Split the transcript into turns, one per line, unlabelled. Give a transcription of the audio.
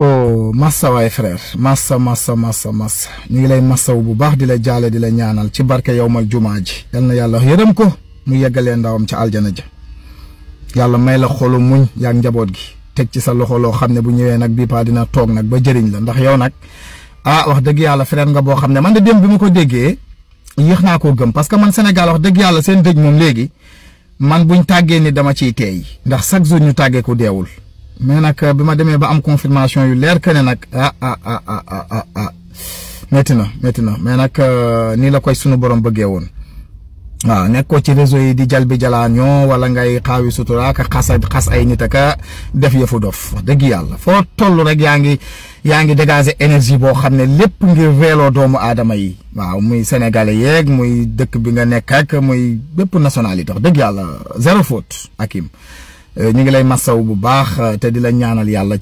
oh massa waay frère massa massa massa massa ñu ngi lay massaw bu baax di la jaale di la ñaanal ci barke yowmal jumaa ji yal na yàlla yërëm ko mu yeggalee ndawam ca aljana ja yàlla may la xolu muñ yaag njaboot gi teg ci sa loxo loo xam ne bu ñëwee nag bii paa dina toog nag ba jëriñ la ndax yow nag ah wax dëgg yàlla frère nga boo xam ne man de dem bi mu ko déggee yéex naa koo gëm parce que man Sénégal wax dëgg yàlla seen dëj moom léegi man buñ tàggee ni dama ciy teey ndax chaque jour ñu tàggee ku deewul mais nag bi ma demee ba am confirmation yu leer que ne nag ah ah ah ah, ah, ah, ah métti na métti na mais nag euh, nii la koy sunu borom bëggee woon waaw nekkoo ci réseau yi di jal bi jalaañoo wala ngay xaawi sutura ka xas ay nit aka def yëfu dof dëgg yàlla foo toll rek yaa ngi yaa ngi dégager énergie boo xam ne lépp ngir reeloo doomu aadama yi waaw muy sénégalais yeeg muy dëkk bi nga nekk ak muy bépp yi wax dëgg yàlla zéro faute Hakim Euh, ñu ngi lay massaw bu baax te di la ñaanal yàlla.